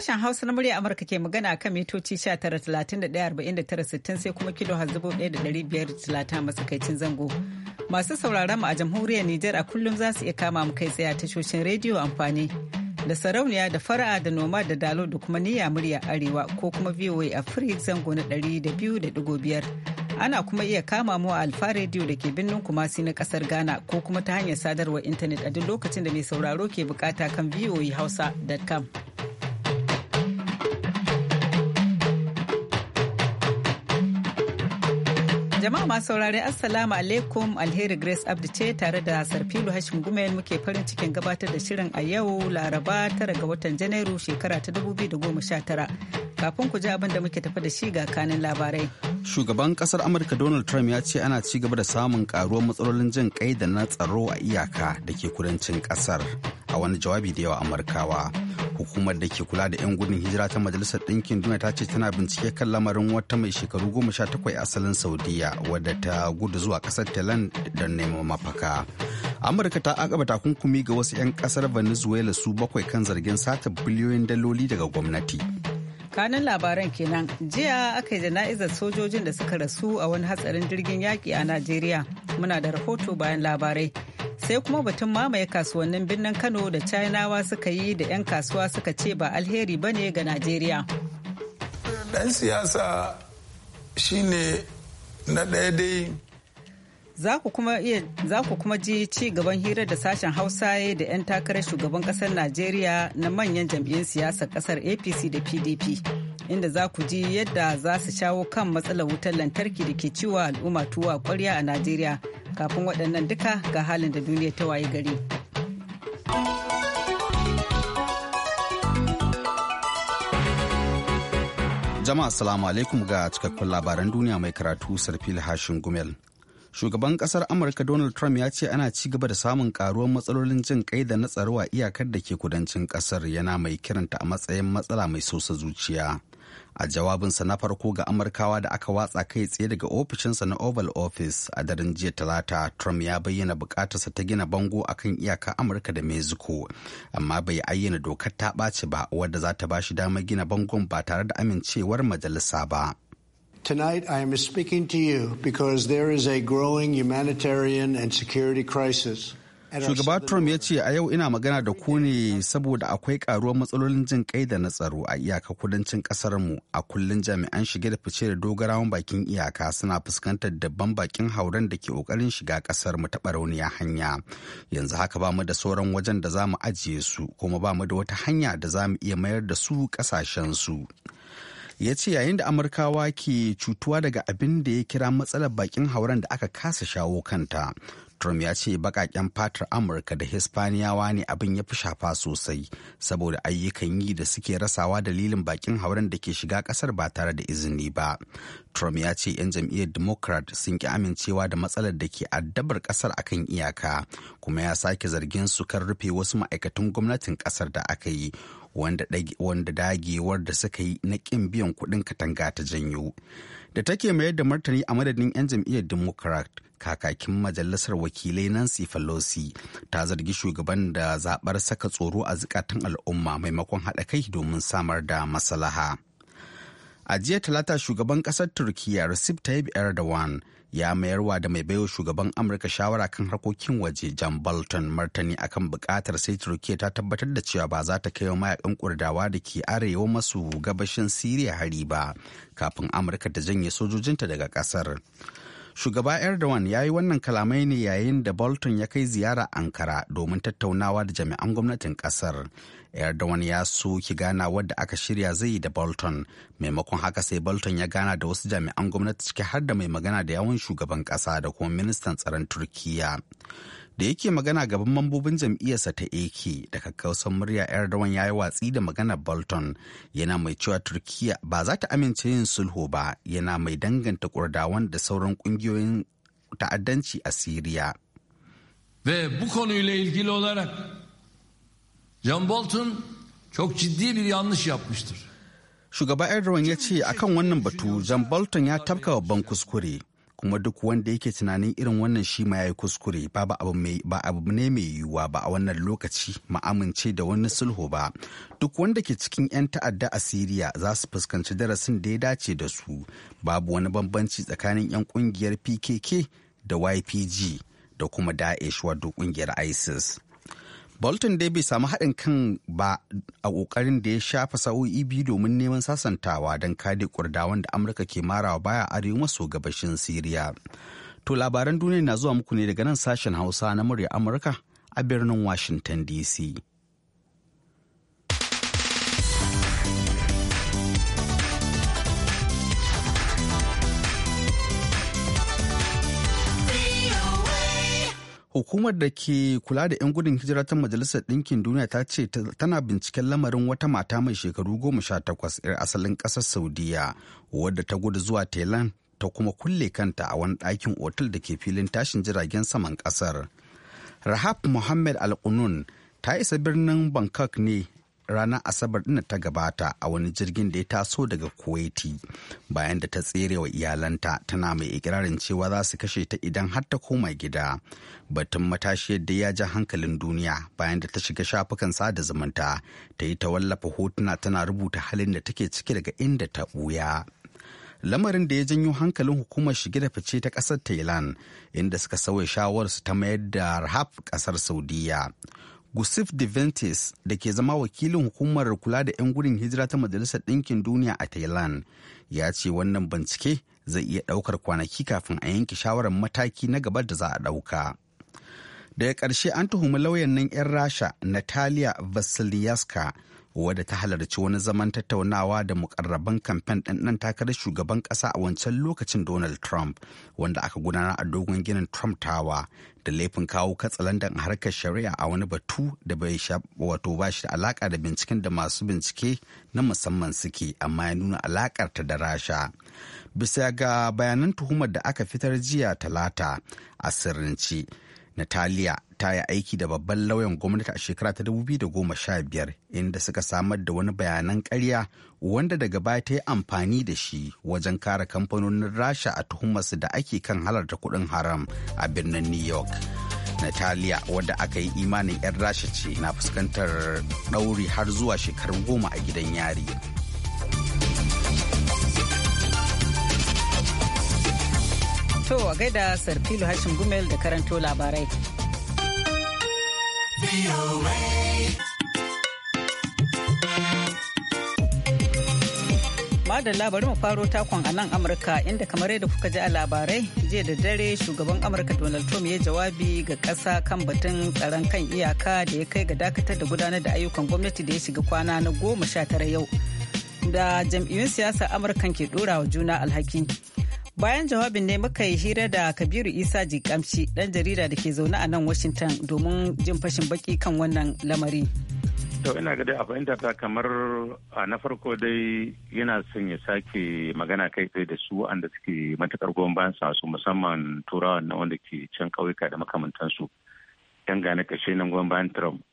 Sashen Hausa na murya Amurka ke magana kan mitoci 19,31,49,60 sai kuma kilo hazubu 1,530 masakaicin zango. Masu sauraron mu a jamhuriyar Nijar a kullum za su iya kama mu kai tsaye a tashoshin rediyo amfani da sarauniya da fara'a da noma da dalo da kuma niyya murya arewa ko kuma VOA a zango na 200.5. Ana kuma iya kama mu a alfa rediyo da ke birnin Kumasi na kasar Ghana ko kuma ta hanyar sadarwar intanet a duk lokacin da mai sauraro ke bukata kan hausa.com Jama'a masu saurare Assalamu alaikum Alheri Grace Abdi ce tare da Sarfilu Hashim Gumel muke farin cikin gabatar da shirin a yau Laraba tara ga watan Janairu shekara ta 2019. Kafin ku ji abin da muke tafi da shi ga kanin labarai. Shugaban kasar Amurka Donald Trump ya ce ana ci gaba da samun karuwar matsalolin jin kai da na tsaro a iyaka da ke kudancin kasar a wani jawabi da yawa Amurkawa. hukumar da ke kula da 'yan gudun hijira ta majalisar ɗinkin duniya ta ce tana bincike kan lamarin wata mai shekaru goma sha takwai asalin saudiya wadda ta gudu zuwa ƙasar thailand don neman mafaka amurka ta akaba takunkumi ga wasu 'yan ƙasar venezuela su bakwai kan zargin sata biliyoyin daloli daga gwamnati kanan labaran kenan jiya aka yi jana'izar sojojin da suka rasu a wani hatsarin jirgin yaƙi a najeriya muna da rahoto bayan labarai sai kuma batun mamaye kasuwannin birnin kano da chinawa suka yi da 'yan kasuwa suka ce ba alheri ba ne ga najeriya dan siyasa shine na ɗaya dai za ku kuma ji ci gaban hirar da sashen hausa da 'yan takarar shugaban kasar najeriya na manyan jam'iyyun siyasar ƙasar apc da pdp inda za ku ji yadda za su shawo kan matsalar wutar lantarki da ke ciwa al'umma tuwa kwarya a najeriya kafin waɗannan duka ga halin da duniya ta waye gari. Jama'a Assalamu alaikum ga cikakkun labaran duniya mai karatu Sarfil Hashin Gumel. Shugaban kasar Amurka Donald Trump ya ce ana ci gaba da samun karuwar matsalolin jin kai da na tsaruwa iyakar da ke kudancin kasar yana mai kiranta a matsayin matsala mai sosa zuciya. a jawabinsa na farko ga amurkawa da aka watsa kai tsaye daga ofishinsa na oval office a daren jiya talata trump ya bayyana bukatarsa ta gina bango akan iyaka amurka da mexico amma bai ayyana dokar ta ɓace ba wadda za ta ba damar gina bangon ba tare da amincewar majalisa ba Tonight, I am speaking to you because there is a growing humanitarian and security crisis. Shugaba Trump ya ce a yau ina magana da ku ne saboda akwai karuwar matsalolin jin kai da na tsaro a iyaka kudancin mu a kullum jami'an shige da fice da dogarawan bakin iyaka suna fuskantar dabban bakin hauren da ke kokarin shiga kasar mu ta barauniya hanya. Yanzu haka ba mu da sauran wajen da za mu ajiye su kuma ba mu da wata hanya da za mu iya mayar da su kasashen su. ya ce yayin da amurkawa ke cutuwa daga abin da ya kira matsalar bakin hauren da aka kasa shawo kanta Trump ya ce baƙaƙen fatar Amurka da Hispaniyawa ne abin ya fi shafa sosai saboda ayyukan yi da suke rasawa dalilin bakin hauren da ke shiga ƙasar ba tare da izini ba. Trump ya ce 'yan jam'iyyar Democrat sun ki amincewa da matsalar da ke addabar ƙasar akan iyaka kuma ya sake zargin su kan rufe wasu ma'aikatan gwamnatin ƙasar da aka yi wanda dagewar da suka yi na ƙin biyan kuɗin katanga ta janyo. Da take mayar da martani a madadin 'yan jam'iyyar Democrat, kakakin majalisar wakilai Nancy Pelosi ta zargi shugaban da zaɓar saka tsoro a zukatan al'umma maimakon haɗa kai domin samar da maslaha. A jiya talata shugaban ƙasar Turkiyya Recep Tayyip Erdogan ya mayarwa da mai baiwa shugaban Amurka shawara kan harkokin waje John Bolton martani akan buƙatar sai Turkiyya ta tabbatar da cewa ba za ta kai wa mayakan kurdawa da ke arewa masu gabashin Siriya hari ba kafin Amurka ta janye sojojinta daga ƙasar. Shugaba Erdogan ya yi wannan kalamai ne yayin da Bolton ya kai ziyara Ankara domin tattaunawa da jami'an gwamnatin kasar. Erdogan ya soki gana wadda aka shirya zai yi da Bolton. Maimakon haka sai Bolton ya gana da wasu jami'an gwamnati ciki har da mai magana da yawon shugaban kasa da kuma ministan tsaron turkiya. da yake magana gaban mambobin jam'iyyarsa ta AK da kakkausan murya Erdogan ya yi watsi da magana Bolton yana mai cewa Turkiya ba za ta amince yin sulhu ba yana mai danganta kurdawan da sauran kungiyoyin ta'addanci a Siriya. Ve bu konuyla ilgili olarak John Bolton çok ciddi bir yanlış yapmıştır. Shugaba Erdogan ya ce akan wannan batu John Bolton ya tabka babban kuskure. kuma duk wanda yake tunanin irin wannan shi ma yayi kuskure ba ba abu ne mai yiwuwa ba a wannan lokaci ma amince da wani sulhu ba duk wanda ke cikin 'yan ta'adda a Siriya za su fuskanci darasin da ya dace da su babu wani bambanci tsakanin 'yan kungiyar PKK da YPG da kuma Daesh wato kungiyar ISIS Bolton dai bai samu haɗin kan ba a ƙoƙarin da ya shafa sa'o'i biyu domin neman sasantawa don kare kurdawan da Amurka ke marawa baya arewa maso gabashin Siriya. To labaran duniya na zuwa muku ne daga nan sashen Hausa na murya Amurka a birnin Washington DC. hukumar da ke kula da 'yan gudun hijira ta majalisar ɗinkin duniya ta ce tana binciken lamarin wata mata mai shekaru goma sha takwas 'yar asalin ƙasar saudiya wadda ta gudu zuwa thailand ta kuma kulle kanta a wani ɗakin otal da ke filin tashin jiragen saman ƙasar rahab mohammed al ta isa birnin bangkok ne ranar asabar ɗin ta gabata a wani jirgin da ya taso daga kuwaiti bayan da ta tsere wa iyalanta tana mai ikirarin cewa za su kashe ta idan har ta koma gida batun matashi yadda ya ji hankalin duniya bayan da ta shiga shafukan sada zumunta ta yi ta wallafa hotuna tana rubuta halin da take ciki daga inda ta ɓuya. lamarin da ya janyo hankalin hukumar shige da fice ta ƙasar thailand inda suka sauya shawararsu ta mayar da rahaf ƙasar Saudiyya. Gusif Deventis da ke zama wakilin hukumar kula da 'yan gudun hijira ta Majalisar Ɗinkin Duniya a Thailand ya ce wannan bincike zai iya ɗaukar kwanaki kafin a yanke shawarar mataki na gaba da za a ɗauka. Daga ƙarshe an tuhumi lauyan nan 'yan Rasha Natalia Vasilyaska wadda ta halarci wani zaman tattaunawa da mukarraban kamfen ɗin ɗan takarar shugaban ƙasa a wancan lokacin Donald Trump wanda aka gudana a dogon ginin Trump Tower da laifin kawo katsalandan harkar shari'a a wani batu da bai wato ba shi da alaƙa da binciken da masu bincike na musamman suke amma ya nuna alakar ta da rasha bisa ga bayanan tuhumar da aka fitar jiya talata a sirrinci Natalia ta yi aiki da babban lauyan gwamnati a shekara ta 2015 inda suka samar da wani bayanan karya wanda daga baya ta yi amfani da shi wajen kare kamfanonin rasha a tuhumarsu da ake kan halarta kuɗin haram a birnin New York. Natalia wadda aka yi imanin 'yan rasha ce na fuskantar ɗauri har zuwa shekaru goma a gidan yari. To a gaida Sarfilu hashin Gumel da karanto labarai. Madalla bari mu faro takon a nan Amurka inda kamar yadda kuka ji a labarai jiya da dare shugaban Amurka Donald Trump ya jawabi ga kasa kan batun tsaron kan iyaka da ya kai ga dakatar da gudanar da ayyukan gwamnati da ya shiga kwana na goma sha tara yau. Da jam'iyyun siyasa Amurkan ke ɗora wa juna alhaki. bayan jawabin ne muka yi hira da kabiru isa ji kamshi dan jarida da ke zaune a nan washington domin jin fashin baki kan wannan lamari to ina ga dai a fahimta ta kamar a na farko dai yana son ya sake magana kai tsaye da su wanda suke matakar goyon bayan su musamman turawan na wanda ke can kauyuka da makamantansu yan gane kashe nan goyon bayan trump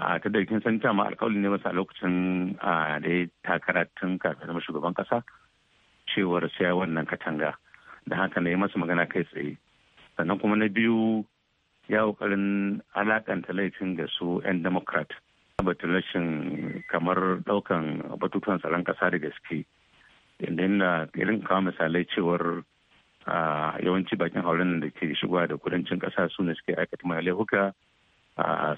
a ta da kin san ma alkawali ne masa a lokacin da ya takara tun kafin shugaban kasa cewar sai wannan katanga da haka na yi masa magana kai tsaye sannan kuma na biyu ya kokarin alakanta laifin ga su 'yan democrat batun rashin kamar daukan batutuwan tsaron kasa da gaske inda yana irin kawo misalai cewar yawanci bakin hauren da ke shigowa da kudancin kasa su ne suke aikata mai laifuka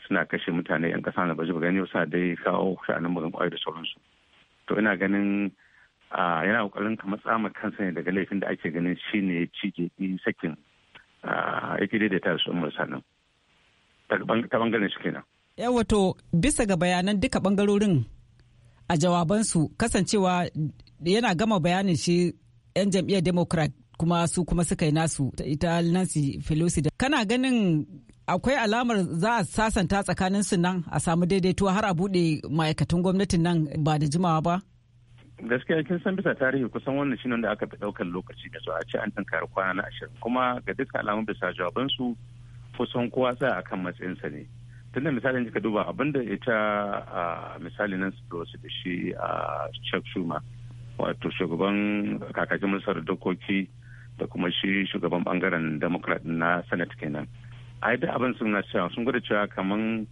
suna kashe mutane 'yan kasa na baji gani wasu dai kawo sha'anin bugan kwai da sauransu to ina ganin yana kokarin ka matsa ma kansa ne daga laifin da ake ganin shi ne ya sakin ya da daidaita su umar sanin ta bangaren shi kenan. Eh, wato bisa ga bayanan duka bangarorin a jawabansu kasancewa yana gama bayanin shi 'yan jam'iyyar democrat kuma su kuma suka yi nasu ita nancy pelosi da kana ganin akwai alamar za a sasanta tsakanin su nan a samu daidaito har a buɗe ma'aikatan gwamnatin nan ba da jimawa ba gaskiya kin san bisa tarihi kusan wannan shine da aka fi daukar lokaci da a ce an tankari kwana na ashirin kuma ga duka alamu bisa jawabansu kusan kowa kan akan sa ne tunda misalin ka duba abinda ita misali nan su da shi a chuck schumer wato shugaban kakakin masar dokoki da kuma shi shugaban bangaren democrat na senate kenan ai da abin sun cewa sun gwada cewa kaman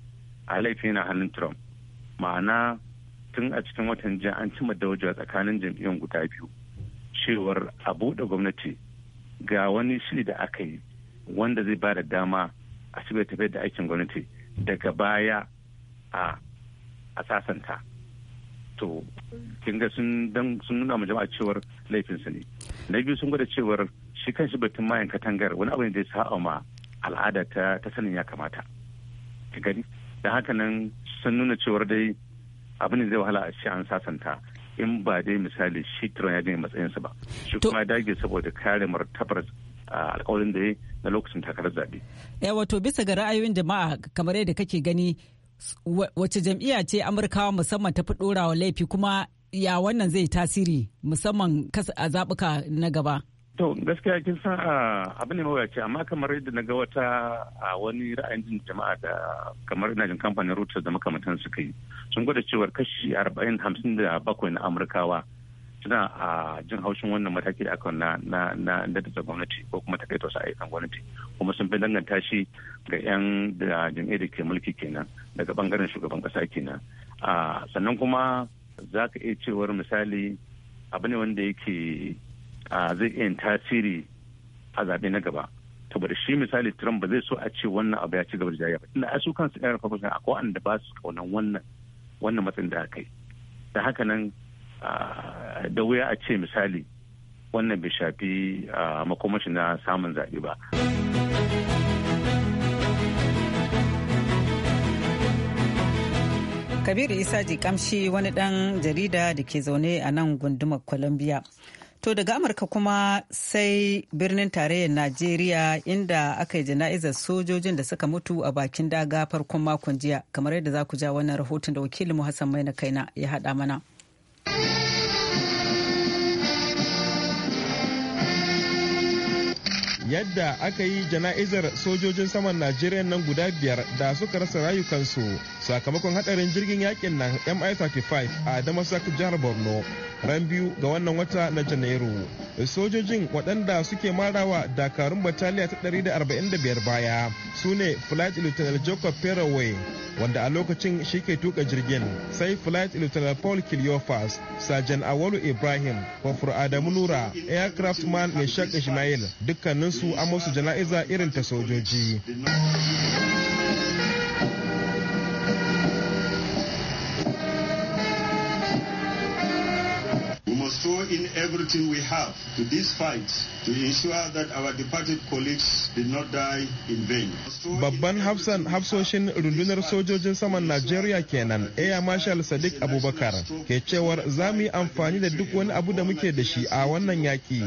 a laifi na hannun trump ma'ana tun a cikin watan jiya an cimma da wajewa tsakanin jam'iyyun guda biyu cewar a buɗe gwamnati ga wani shiri da aka yi wanda zai ba da dama a shigar tafiyar da aikin gwamnati daga baya a sasanta to kinga sun nuna ma jama'a cewar laifinsu ne na biyu sun gwada cewar shi kan shi batun mayan katangar wani abu ne da ya sa'a ma al'ada ta sanin ya kamata ki gani da haka nan sun nuna cewar dai abin da zai wahala a ce an sasanta in ba dai misali shi ya gani matsayinsa ba shi kuma dage saboda kare martabar alkawarin da ya na lokacin takarar zaɓe. Eh, wato bisa ga ra'ayoyin jama'a kamar yadda kake gani wace jam'iyya ce amurkawa musamman ta fi ɗorawa laifi kuma ya wannan zai tasiri musamman a zaɓuka na gaba. To gaskiya kin san ah, abu ne mawuyaci amma kamar yadda na ga wata a wani ra'ayin jin jama'a da kamar ina jin kamfanin rotar da makamantan suka yi sun gwada cewar kashi arba'in hamsin da bakwai na Amurkawa suna a jin haushin wannan mataki da aka na na na da gwamnati ko kuma ta ta wasu ayyukan gwamnati kuma sun fi danganta shi ga 'yan da jami'ai da ke mulki kenan daga bangaren shugaban kasa kenan sannan kuma za ka iya cewar misali abu ne wanda yake zai iya tasiri a zaɓe na gaba saboda shi misali Trump ba zai so a ce wannan abu ya ci gaba da jayya ba tunda su kansu ɗan Republican a kowanne da ba su kaunan wannan wannan matsin da aka yi da haka nan da wuya a ce misali wannan bai shafi makomashi na samun zaɓe ba. Kabiru Isa Jikamshi wani ɗan jarida da ke zaune a nan gundumar Columbia. To daga Amurka kuma sai birnin tarayyar Najeriya inda aka yi jana'izar sojojin da suka mutu a bakin daga farkon makon jiya kamar yadda za ku ja wannan rahoton da wakilin Hassan Maina kaina ya haɗa mana. yadda aka yi jana'izar sojojin saman najeriya nan guda biyar da suka rasa rayukansu sakamakon hadarin jirgin yakin nan mi-35 a damasak jihar borno ran biyu ga wannan wata na janairu sojojin waɗanda suke marawa dakarun bataliya ta 145 baya su ne flight lieutenant jacob peraway wanda a lokacin shi ke tuka jirgin sai flight lieutenant paul kiliofas sajan awalu ibrahim kwafur adamu nura aircraft man mai ismail dukkaninsu su a musu jana'iza irin ta sojoji. until we have to this fight to ensure that our departed colleagues did not die in vain. Babban hafsoshin rundunar sojojin saman Najeriya kenan Air Marshal Sadiq Abubakar ke cewar za mu yi amfani da duk wani abu da muke da shi a wannan yaƙi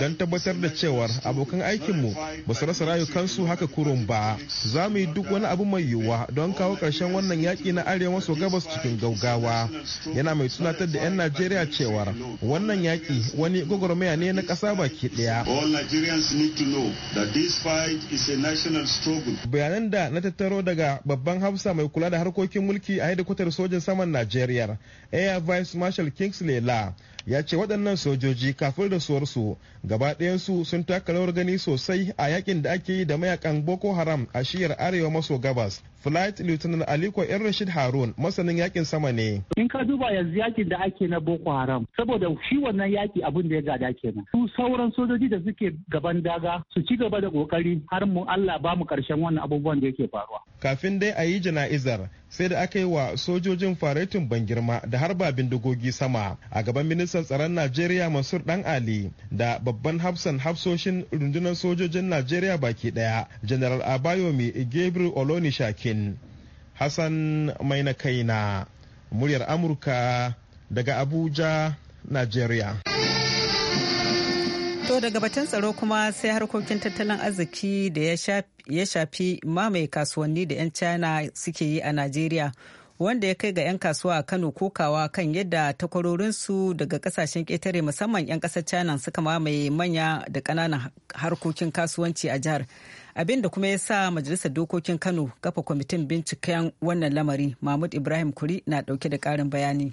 don tabbatar da cewar abokan aikinmu ba su rasa rayukansu haka kurum ba. Za mu yi duk wani abu mai yiwuwa don kawo ƙarshen wannan yaki na arewa maso gabas cikin gaugawa. Yana mai tunatar da 'yan Najeriya cewar wannan yaki wani gwagwarmaya ne na ƙasa baki ɗaya. Bayanan da na tattaro daga babban hafsa mai kula da harkokin mulki a hedikwatar sojin saman Najeriya, Air Vice Marshal Kingsley La, ya ce waɗannan sojoji kafin da suwarsu gaba ɗayansu sun taka rawar gani sosai a yakin da ake yi da mayakan Boko Haram a shiyar arewa maso gabas. Flight Lieutenant Aliko ‘yan Rashid Harun masanin yakin sama ne. In ka duba yanzu yakin da ake na Boko Haram saboda shi wannan yaki abin da ya gada kenan. Su sauran sojoji da suke gaban daga su ci gaba da kokari har mu Allah ba mu karshen wannan abubuwan da yake faruwa. Kafin dai a yi jana'izar sai da aka yi wa sojojin faretin ban girma da harba bindigogi sama a gaban ministan tsaron Najeriya Mansur Dan Ali da babban hafsan hafsoshin rundunar sojojin Najeriya baki daya General Abayomi Gabriel Shaki. yankin hassan mai na na muryar amurka daga abuja nigeria to daga batun tsaro kuma sai harkokin tattalin arziki da ya shafi mamaye kasuwanni da 'yan china suke yi a Najeriya wanda ya kai ga 'yan kasuwa a kano kokawa kan yadda takwarorinsu daga kasashen ƙetare musamman 'yan ƙasar china suka mamaye manya da ƙananan harkokin kasuwanci a jihar abin da kuma ya sa majalisar dokokin kano kafa kwamitin binciken wannan lamari mahmud ibrahim kuri na dauke da karin bayani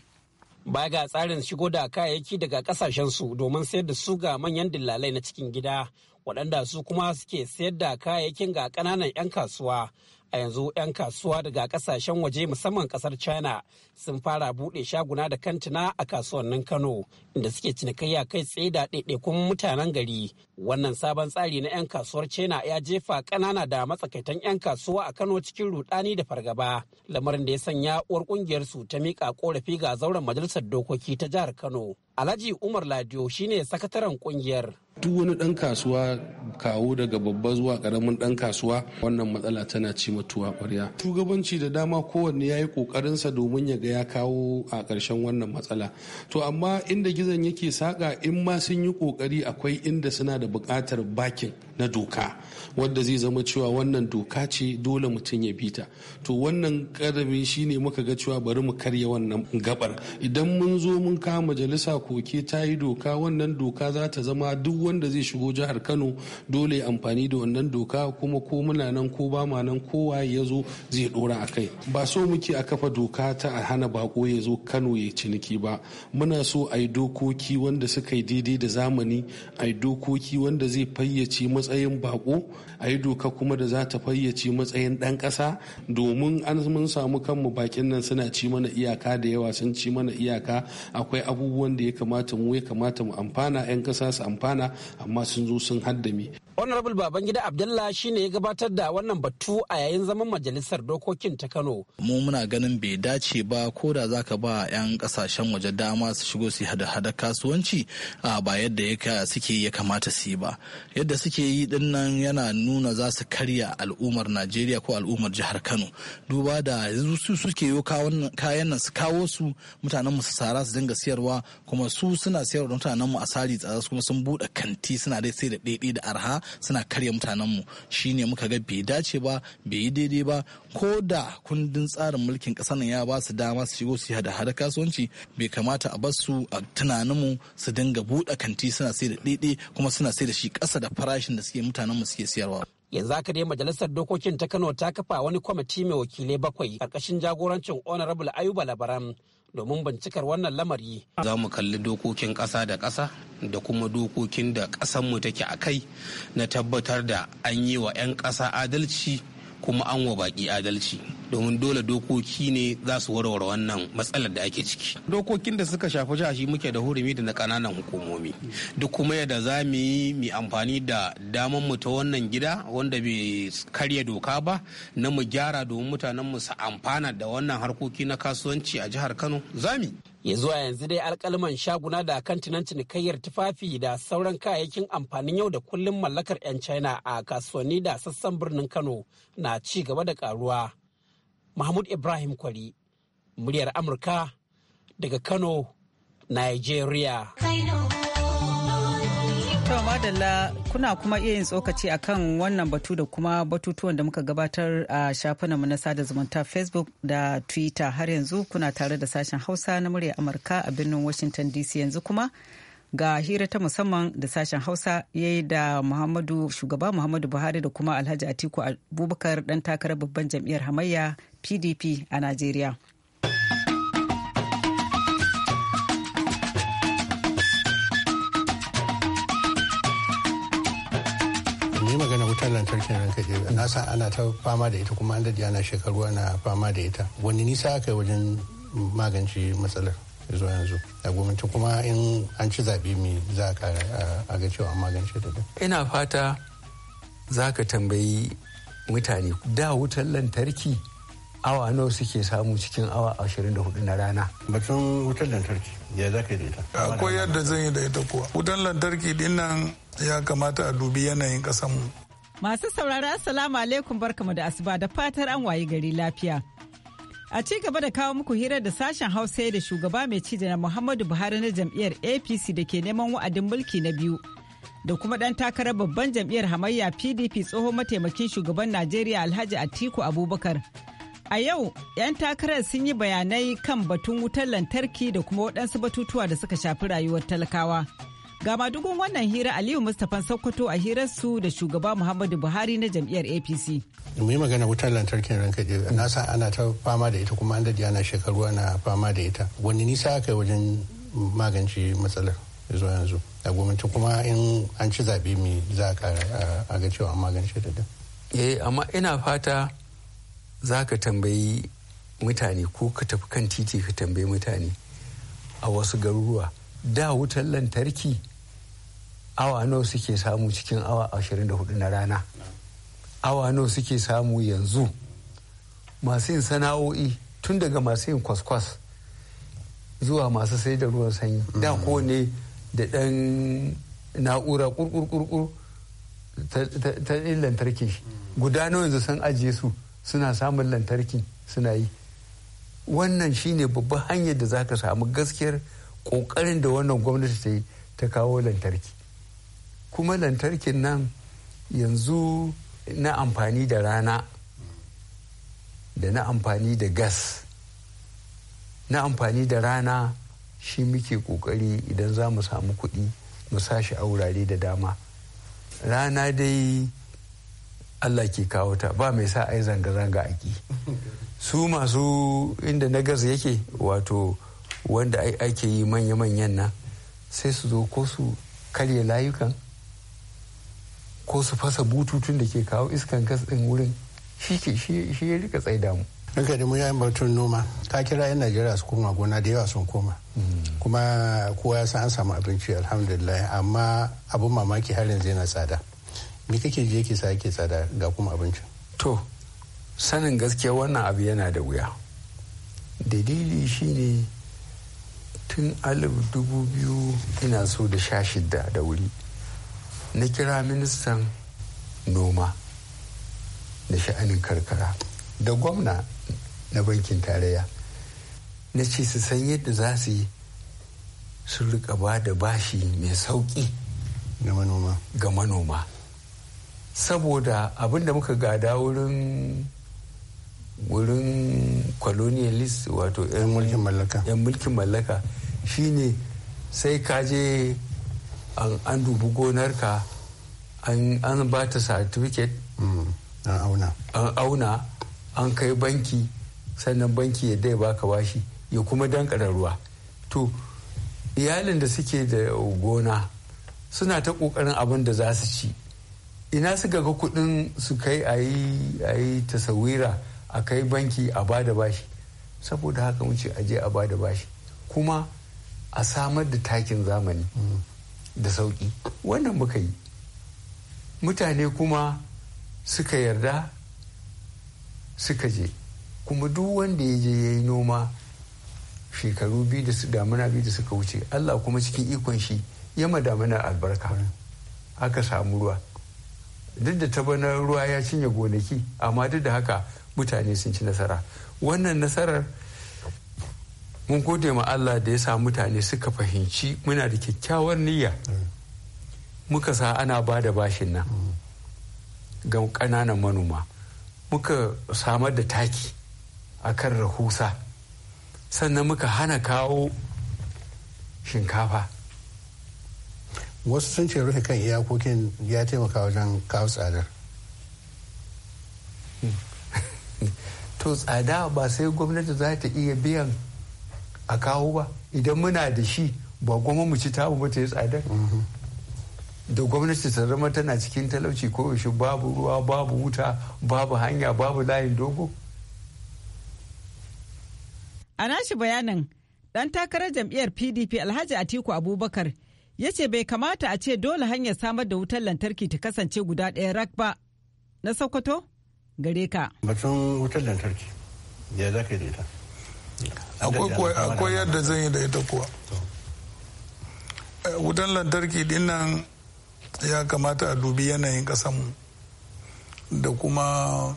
baya ga tsarin shigo da kayayyaki daga kasashen su domin sayar da su ga manyan dillalai na cikin gida waɗanda su kuma suke sayar da kayayyakin ga ƙananan 'yan kasuwa a yanzu 'yan kasuwa daga kasashen waje musamman kasar china sun fara buɗe shaguna da kantina a kasuwannin kano inda suke cinikayya kai tsaye da ɗaiɗaikun mutanen gari wannan sabon tsari na 'yan kasuwar china ya jefa ƙanana da matsakaitan 'yan kasuwa a kano cikin rudani da fargaba lamarin da ya sanya uwar kungiyar su ta miƙa ƙorafi ga zauren majalisar dokoki ta jihar kano Alhaji Umar Ladiyo shine sakataren kungiyar. Duk wani ɗan kasuwa kawo daga babba zuwa ƙaramin ɗan kasuwa wannan matsala tana ci mutuwa ƙwarya. Shugabanci da dama kowanne ya yi ƙoƙarinsa domin ya ga ya kawo a ƙarshen wannan matsala. To amma inda gizon yake saƙa in ma sun yi ƙoƙari akwai inda suna da buƙatar bakin. na doka wanda zai zama cewa wannan doka ce dole mutum ya bi to wannan karami shine muka ga cewa bari mu karya wannan gabar idan mun zo mun kama majalisa koke ta yi doka wannan doka za ta zama duk wanda zai shigo jihar kano dole amfani da wannan doka kuma ko muna nan ko ba ma nan kowa ya zo zai dora a kai ba so muke a kafa doka ta a hana bako ya zo kano ya ciniki ba muna so a yi dokoki wanda suka yi daidai da zamani a yi dokoki wanda zai fayyace matsayin bako a yi doka kuma da za ta fayyace matsayin ɗan kasa domin an mun samu kanmu bakin nan suna ci mana iyaka da yawa sun ci mana iyaka akwai abubuwan da ya kamata mu ya kamata mu amfana 'yan kasa su amfana amma sun zo sun haddami. honorable babangida abdullah shine ya gabatar da wannan batu a yayin zaman majalisar dokokin ta kano mu muna ganin bai dace ba ko da zaka ba 'yan kasashen waje dama su shigo su hada-hada kasuwanci ba yadda suke ya kamata su yi ba yadda suke yi yi nan yana nuna za su karya al'ummar najeriya ko al'ummar jihar kano duba da su suke yo kayan nan su kawo su mutanen mu su sara su dinga siyarwa kuma su suna siyarwa da mutanen mu a sari tsada kuma sun bude kanti suna dai sai da daidai da arha suna karya mutanen mu shine muka ga bai dace ba bai yi daidai ba ko da kundin tsarin mulkin ƙasar nan ya ba su dama su shigo su hada-hada kasuwanci bai kamata a bar su a tunanin mu su dinga bude kanti suna sai da kuma suna sai da shi ƙasa da farashin da suke mutanen mu suke siyarwa yanzu haka dai majalisar dokokin ta kano ta kafa wani kwamiti mai wakilai bakwai ƙarƙashin jagorancin honorable ayuba labaran domin bincikar wannan lamari za mu kalli dokokin ƙasa da ƙasa da kuma dokokin da ƙasanmu take a kai na tabbatar da an yi wa 'yan ƙasa adalci kuma an wa baki adalci domin dole dokoki ne za su warware wannan matsalar da ake ciki dokokin da suka shafi shi muke da hurumi da na kananan hukumomi duk kuma yadda za mu yi mu amfani da daman mu ta wannan gida wanda bai karya doka ba na mu gyara domin mutanen mu su amfana da wannan harkoki na kasuwanci a jihar kano zamu ya zuwa yanzu dai alkalman shaguna da kantinan cinikayyar tufafi da sauran kayayyakin amfanin yau da kullum mallakar 'yan china a kasuwanni da sassan birnin kano na ci gaba da karuwa mahmud ibrahim kwari muryar amurka daga kano nigeria Kaino. To madalla kuna kuma iya yin tsokaci a kan wannan batu da kuma batutuwan da muka gabatar a mu na sada zumunta Facebook da Twitter har yanzu kuna tare da sashen Hausa na murya Amurka a birnin Washington DC yanzu kuma ga hira ta musamman da sashen Hausa ya yi da Muhammadu shugaba Muhammadu Buhari da kuma Alhaji Atiku Abubakar dan takarar babban jam'iyyar hamayya PDP a Najeriya. kenan ka je na san ana ta fama da ita kuma an daji ana shekaru ana fama da ita wani nisa aka yi wajen magance matsalar zuwa yanzu a gwamnati kuma in an ci zaɓe mai za a ga cewa magance ta ina fata za ka tambayi mutane da wutar lantarki awa nawa suke samu cikin awa 24 na rana. Batun wutar lantarki ya za ka yi da ita? Akwai yadda zan yi da ita kuwa. Wutar lantarki dinnan ya kamata a dubi yanayin kasanmu. Masu saurara Assalamu alaikum barkamu da asuba da fatar an wayi gari lafiya. A ci gaba da kawo muku hira da sashen Hausa da shugaba mai ci da Muhammadu Buhari na jam'iyyar APC da ke neman wa'adin mulki na biyu. Da kuma ɗan takarar babban jam'iyyar hamayya PDP tsohon mataimakin shugaban Najeriya Alhaji Atiku Abubakar. A yau, 'yan takarar sun yi bayanai kan batun wutar lantarki da kuma waɗansu batutuwa da suka shafi rayuwar talakawa. Ga madugun wannan hira Aliyu Mustapha Sokoto a hirarsu da shugaba Muhammadu Buhari na jam'iyyar APC. Mu yi magana wutar lantarkin ranka je na ana ta fama da ita kuma an daɗe ana shekaru ana fama da ita. Wani nisa aka yi wajen magance matsalar zuwa yanzu. A gwamnati kuma in an ci zaɓe mai za a ga cewa magance da Eh amma ina fata za ka tambayi mutane ko ka tafi kan titi ka tambayi mutane a wasu garuruwa da wutar lantarki awa nawa suke samu cikin awa 24 na rana awa nawa suke samu yanzu masu yin sana'o'i tun daga masu yin kwaskwas zuwa masu sai da ruwan sanyi da mm. kowane da ɗan na'ura kurkurkurkur ta yin lantarki mm. guda nawa yanzu sun ajiye su suna samun lantarki suna yi wannan shine babban hanyar da za ka samu gaskiyar ƙoƙarin da wannan gwamnati ta yi ta kawo lantarki kuma lantarkin nan yanzu na amfani da rana da na amfani da gas na amfani da rana shi muke kokari idan za mu samu kuɗi mu sashi a wurare da dama rana dai allah ke kawo ta ba mai sa ai zanga-zanga a ki su masu inda na gas yake wato wanda ake yi manya-manyan nan sai su zo ko su karya layukan ko su fasa bututun da ke kawo iskan gas ɗin wurin shi ke shi ya rika tsaida mu Ranka da mu yayin batun noma ka kira yan Najeriya su koma gona da yawa sun koma. Hmm. Kuma kowa ya san an samu abinci alhamdulillah amma abun mamaki har yanzu yana tsada. Me kake je ke sa yake tsada ga kuma abinci? To sanin gaskiya wannan abu yana da wuya. Dalili shine tun alif dubu biyu ina so da sha shidda da wuri. na kira ministan noma na sha'anin karkara da gwamna na bankin tarayya na ce su san yadda za su yi su rika ba da bashi mai sauƙi ga manoma saboda abin da muka gada wurin wurin colonialist wato 'yan mulkin mallaka shine sai ka je an dubi gonarka an ba ta certificate mm, an auna an kai banki sannan banki ya dai baka bashi ya kuma dankara ruwa to iyalin da suke da gona suna ta kokarin abin da za su ci ina su ga kudin su kai a yi tasawira a kai banki a ba da bashi saboda haka wuce aje a ba da bashi kuma a samar da takin zamani mm. da sauƙi wannan muka yi mutane kuma suka yarda suka je kuma duk wanda ya je ya yi noma shekaru biyu da su damuna biyu da suka wuce allah kuma cikin ikon shi ya madamuna albarka aka samu ruwa duk da tabanar ruwa ya cinye gonaki amma duk da haka mutane sun ci nasara wannan nasarar mun gode ma Allah da ya sa mutane suka fahimci muna da kyakkyawar niyya muka sa ana ba da bashin nan ga ƙananan manoma muka samar da taki a kan rahusa sannan muka hana kawo shinkafa wasu sun ce rufe kan iyakokin ya taimaka wajen kawo tsadar to tsada ba sai gwamnati za ta iya biyan a kawo ba idan muna da shi ba goma mu ci tabu ba ta yi tsada mhm. da gwamnati ta zama tana cikin talauci ko yaushe babu ruwa babu wuta babu hanya babu layin dogo a nashi bayanin dan takarar jam'iyyar pdp alhaji atiku abubakar ya ce bai kamata a ce dole hanyar samar da wutar lantarki ta kasance guda ɗaya rak ba na sokoto gare ka batun wutar lantarki ya za ka yi akwai yadda zan yi da ita kuwa eh, wutan lantarki dinnan ya kamata a dubi yanayin kasanmu da kuma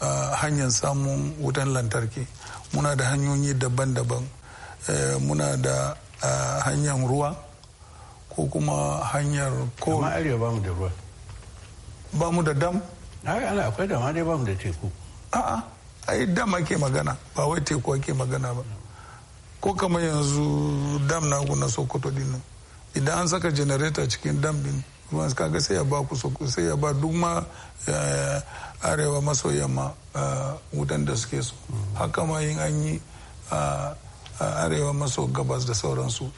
ah, hanyar samun wutan lantarki muna da hanyoyi daban-daban eh, muna da ah, hanyar ruwa ko kuma hanyar amma arewa ba mu da ruwa ba mu da dam akwai dama dai ba mu da teku a'a ai dam ake magana ba wai teku ake magana ba ko kamar yanzu dam na na sokoto din nan idan an saka janareta cikin dam din ruwan kaga sai ya ba ku sai ya ba duk ma eh, arewa maso yamma eh, wutan da suke so haka ma yin an yi eh, arewa maso gabas da sauransu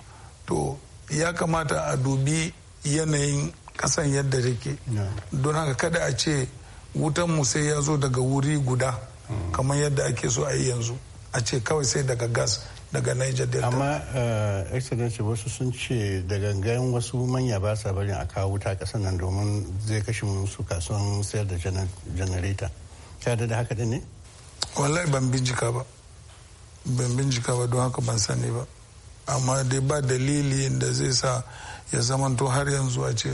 to ya kamata a dubi yanayin kasan yadda take don haka kada a ce wutan mu sai ya zo daga wuri guda kamar yadda ake so a yi yanzu a ce kawai sai daga gas daga niger delta amma eh, excellency wasu sun ce daga gangan wasu manya ba sa barin a kawo wuta kasan nan domin zai kashe musu kasuwan sayar da janareta ta da haka din ne wallahi ban bincika ba ban bincika ba don haka ban sani ba amma dai ba dalili da zai sa ya zamanto har yanzu a ce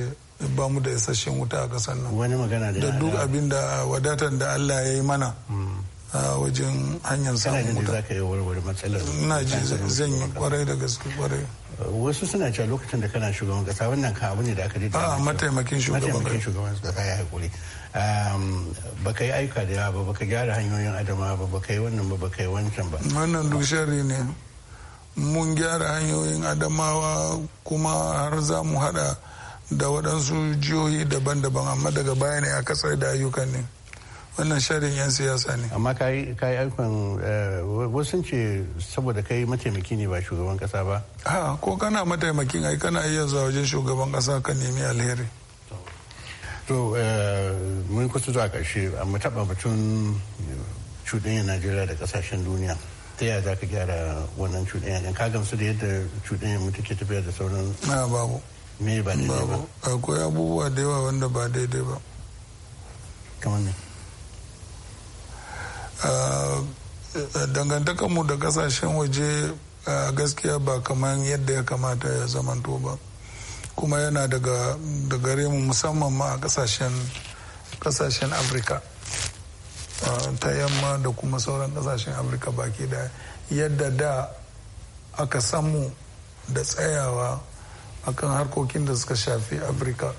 ba mu da isasshen wuta a kasar nan da duk abin da wadatar da allah ya yi mana hmm. a wajen hanyar samun wuta. Ina ji zan yi kwarai da gaske kwarai. Wasu suna cewa lokacin da kana shugaban kasa wannan ka abu ne da aka daidaita. A ah, mataimakin shugaban kasa. Mataimakin shugaban kasa ya haƙuri. Baka yi aika da yawa ba ka gyara hanyoyin adama ba ka yi wannan ba baka yi wancan ba. Wannan duk shari ne. Mun gyara hanyoyin adamawa kuma har za mu haɗa da waɗansu jihohi daban-daban amma daga baya ne a kasar da ayyukan ne. wannan sharin 'yan siyasa ne amma ka yi aikon eh, wasu ce saboda kai mataimaki ne ba shugaban kasa ba ha ko kana mataimakin ai kana iya zuwa wajen shugaban kasa ka nemi alheri to eh, mun kusa zuwa karshe amma taɓa batun cuɗanyar najeriya da kasashen duniya ta yaya za ka gyara wannan cuɗanya ka gamsu da yadda cuɗanyar mu take tafiya da sauran na babu me ba daidai ba akwai abubuwa da yawa wanda ba daidai ba kamar ne Eh, eh, mu da kasashen waje eh, gaskiya ba kamar yadda ya kamata ya zamanto ba kuma yana daga gare mu musamman ma a kasashen afirka ta yamma da kuma sauran kasashen afirka baki da yadda da aka samu da tsayawa akan harkokin da suka shafi afirka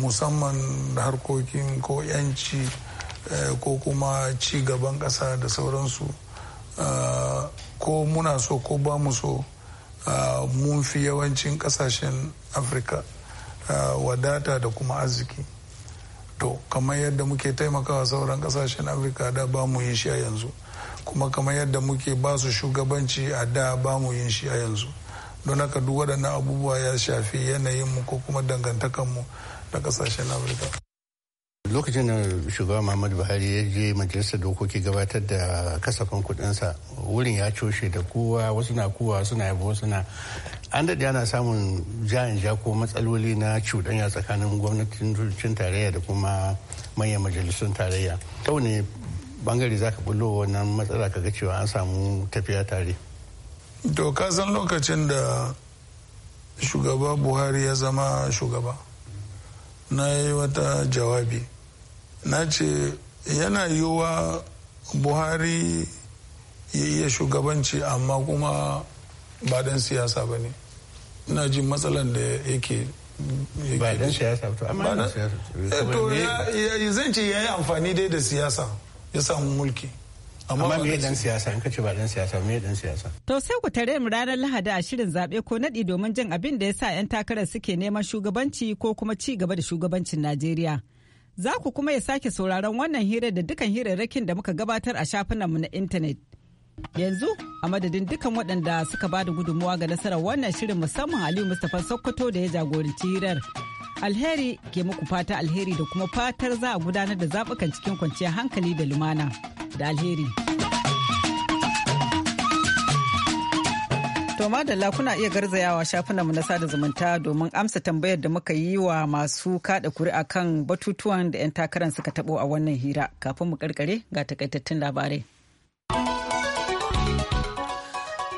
musamman harkokin ko 'yanci Eh, ko kuma ci gaban ƙasa da sauransu eh, ko muna so ko ba mu so eh, mun fi yawancin ƙasashen afirka wadata da kuma arziki to kamar yadda muke taimakawa sauran ƙasashen afirka da ba mu yin shi a yanzu kuma kamar yadda muke ba su shugabanci a da ba mu yin shi a yanzu don haka duk waɗannan abubuwa ya shafi yanayinmu ko kuma dangantakanmu da ƙasashen afirka lokacin da shugaba muhammadu buhari ya je majalisar dokoki gabatar da kasafin kudinsa wurin ya coshe da kowa wasu na kowa suna yabo wasu an daɗe ana samun jayan ja ko matsaloli na cuɗanya tsakanin gwamnatin tarayya da kuma manyan majalisun tarayya kau ne bangare za ka bullo wannan matsala ka ga cewa an samu tafiya tare to ka san lokacin da shugaba buhari ya zama shugaba na yi wata jawabi na ce yana yiwuwa buhari ya iya shugabanci amma kuma ba dan siyasa ba ne ina ji matsalan da yake ba dan siyasa ba amma dan siyasa to eh, ya yi amfani dai da siyasa ya samu mulki amma me dan siyasa in kace ba dan siyasa me dan siyasa to sai ku tare mu ranar lahadi a shirin zabe ko nadi domin jin abin da ya sa yan takarar suke neman shugabanci ko kuma ci gaba da shugabancin Najeriya Za ku kuma ya sake sauraron wannan hirar da dukan hirarrakin da muka gabatar a shafinanmu na intanet. Yanzu a madadin dukan waɗanda suka ba da gudunmuwa ga nasarar wannan shirin musamman Aliyu Mustapha Sokoto da ya jagoranci hirar. Alheri ke muku fata alheri da kuma fatar za a gudanar da zaɓukan cikin kwanciyar hankali da lumana. Da alheri. To madalla kuna iya garzayawa shafinanmu na sada zumunta domin amsa tambayar da muka yi wa masu kada kuri'a kan batutuwan da 'yan takarar suka tabo a wannan hira kafin mu karkare ga takaitattun labarai.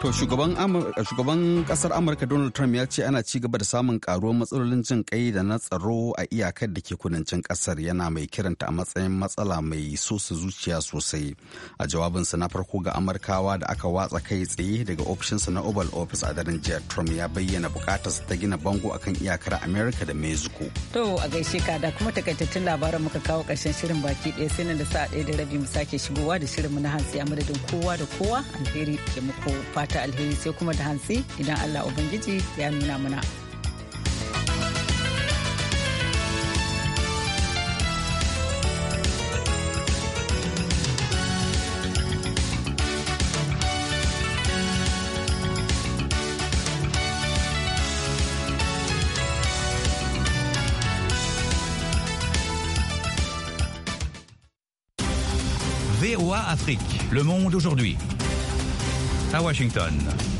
To shugaban kasar Amurka Donald Trump ya ce ana ci gaba da samun karuwar matsalolin jin kai da na tsaro a iyakar da ke kudancin kasar yana mai kiranta a matsayin matsala mai su zuciya sosai. A jawabinsa na farko ga Amurkawa da aka watsa kai tsaye daga ofishinsa na Oval Office a daren jiya Trump ya bayyana su ta gina bango akan iyakar Amerika da Mexico. To a gaishe ka da kuma takaitattun labaran muka kawo karshen shirin baki ɗaya sai nan da sa'a ɗaya da rabi mu sake shigowa da shirin mu na hantsi a madadin kowa da kowa alheri ke muku fata. fata alheri sai kuma da hantsi idan allah ubangiji ya nuna VOA Afrique. Le monde aujourd'hui. à Washington.